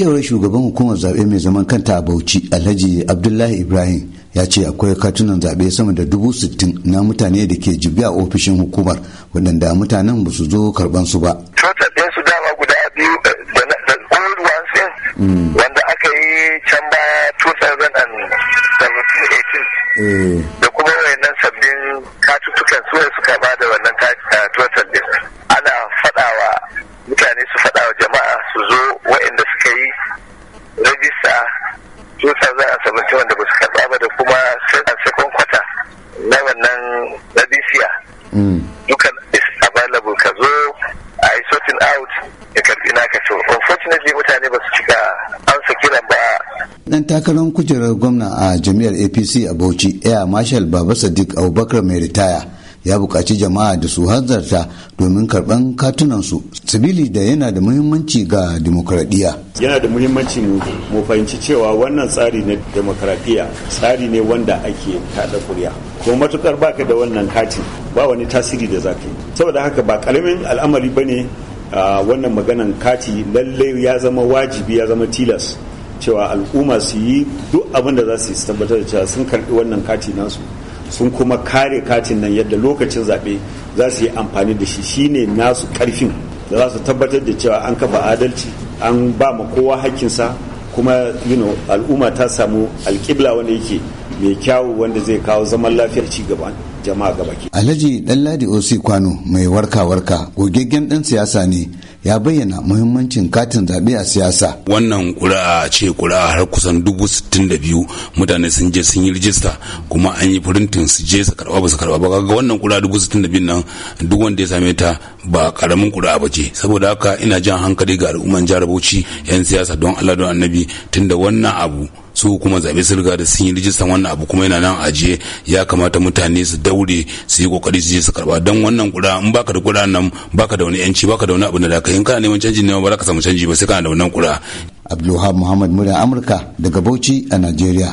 cewar shugaban hukumar zaɓe mai zaman kanta a bauchi alhaji abdullahi ibrahim ya ce akwai katunan zaɓe sama da dubu sittin na mutane da ke jibi a ofishin hukumar waɗanda mutanen ba su zo karɓan su ba. su dama guda biyu eh, da old ones hmm. wanda aka yi can baya 2018 eh. da kuma wayannan sabbin katuttukan suwa suka ba da wannan kati na a sabunci wanda ba su karɓa ba da kuma a second quarter na wannan na this year mm. dukan is available ka zo a yi sorting out ya karbi naka to unfortunately mutane ba su cika an kiran ba nan takarar kujerar gwamna a jami'ar apc a bauchi air marshal baba sadiq abubakar mai ritaya ya buƙaci jama'a da su hanzarta domin karɓan katunansu sibili da yana da muhimmanci ga demokradiyya. yana da muhimmanci mu fahimci cewa wannan tsari na demokradiyya tsari ne wanda ake kaɗa kuri'a ko matukar baka da wannan kati ba wani tasiri da za saboda haka ba ƙaramin al'amari ba ne wannan maganan kati lalle ya zama wajibi ya zama tilas cewa al'umma su yi duk abin da za su yi su tabbatar da cewa sun karɓi wannan kati nasu sun kuma kare katin nan yadda lokacin zaɓe za su yi amfani da shi shine nasu karfin da za su tabbatar da cewa an kafa adalci an ba ma kowa hakkinsa kuma you know, al'umma ta samu alƙibla wanda yake mai kyawu wanda zai kawo zaman lafiyar ci gaba jama'a gabaki. Alhaji Ɗanladi Osi Kwano mai warka-warka gogaggen ɗan siyasa ne ya bayyana muhimmancin katin zaɓe a siyasa. Wannan kura ce kura har kusan dubu sittin da biyu mutane sun je sun yi rijista kuma an yi firintin su je su karɓa ba su karɓa ba ga wannan kura dubu sittin da biyu nan duk wanda ya same ta ba ƙaramin ƙuri'a ba ce saboda haka ina jan hankali ga al'umman jihar Bauchi 'yan siyasa don Allah don Annabi tunda wannan abu su kuma zaɓe sun riga da sun yi rijistan wannan abu kuma yana nan ajiye ya kamata mutane su daure su yi kokari su je su karba don wannan kuɗa in baka da kuɗa nan baka da wani yanci baka da wani abu da da ka in kana neman canji ne ba za ka samu canji ba sai kana da wannan kuɗa. Abdulwahab Muhammad Murya Amurka daga Bauchi a Najeriya.